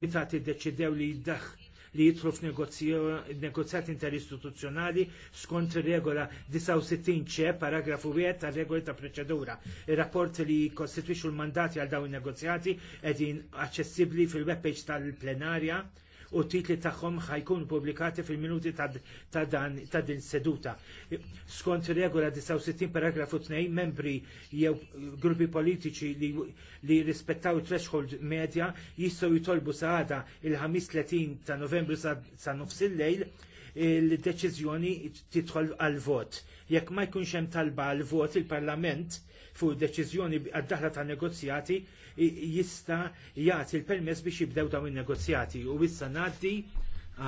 komitati deċidew li jiddaħ li jitlu f'negozjat interistituzzjonali skont regola 69 ċe paragrafu 1 tar regoli ta' proċedura. Ir-rapport li kostitwixu l-mandati għal dawn in negozjati edin aċċessibbli fil-webpage tal-plenarja u titli tagħhom ħajkun pubblikati fil-minuti ta' dan ta' din seduta. Skont regola 69 paragrafu 2 membri jew gruppi politiċi li, li rispettaw threshold medja jistgħu jitolbu saħada il-ħamis 30 ta' novembru sa' nofs il-lejl il-deċiżjoni titħol għal-vot. Jekk ma jkunx hemm talba għal-vot il-Parlament fuq deċiżjoni għad-daħla ta' negozjati jista' jagħti l-permess biex jibdew dawn in-negozjati u issa ngħaddi